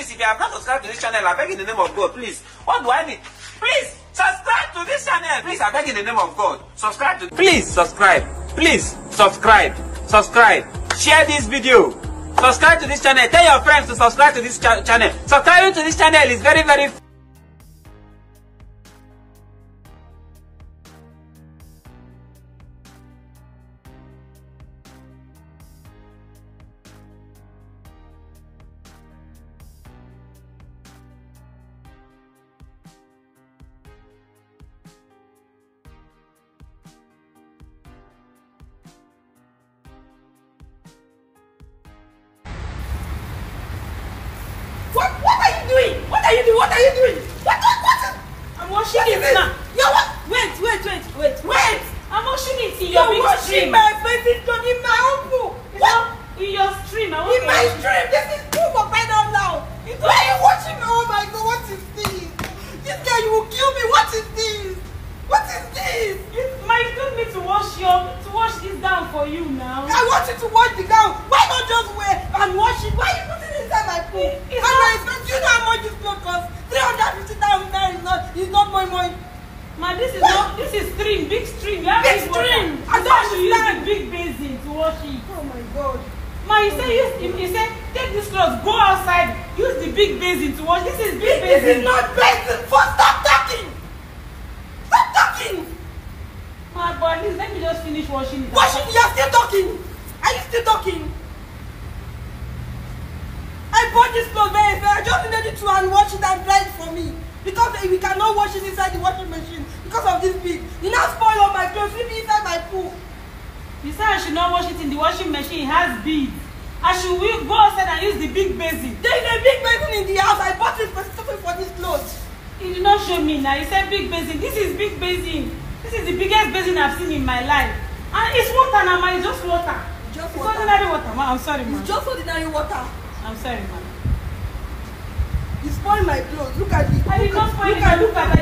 please, if you have not subscribed to this channel, I beg in the name of God, please. What do I need? Please, subscribe to this channel. Please, I beg in the name of God. Subscribe to Please, subscribe. Please, subscribe. Subscribe. Share this video. Subscribe to this channel. Tell your friends to subscribe to this ch channel. Subscribing to this channel is very, very What are you doing? What are you doing? What? What? what? I'm washing what it now. You're what? Wait, wait, wait, wait, wait. I'm washing it in your stream. You're washing my face. It's in my own pool. What? In your stream. I in my stream. This is too for find out now. Why are you watching my own? Oh my God! What is this? This girl. you will kill me. What is this? What is this? It's my. You don't need to wash your to wash this down for you now. I want you to wash the gown. no cost. 350,000 naira is not, is not my money. Ma, this is not, this is stream, big stream. big stream. Water. I don't you use the big basin to wash it. Oh my God. Ma, you say use, you say take this cloth, go outside, use the big basin to wash. This is big this basin. This is not basin. For stop talking. Stop talking. Ma, but at least let me just finish washing it. Washing, you are still talking. Are you still talking? I bought this clothes very fair. I just needed you to hand wash it and dry it for me. Because we cannot wash it inside the washing machine because of this big. You now spoil all my clothes, leave it inside my pool. You said I should not wash it in the washing machine, it has beads. I should we go outside and use the big basin. There is a big basin in the house. I bought it specifically for this clothes. You did not show me now. You said big basin. This is big basin. This is the biggest basin I've seen in my life. And it's water now, ma. It's just water. Just it's water. ordinary water, ma. I'm sorry, ma. It's just ordinary water. I'm sorry, ma'am. You spoil my clothes. Look at it. I did not spoil it. look at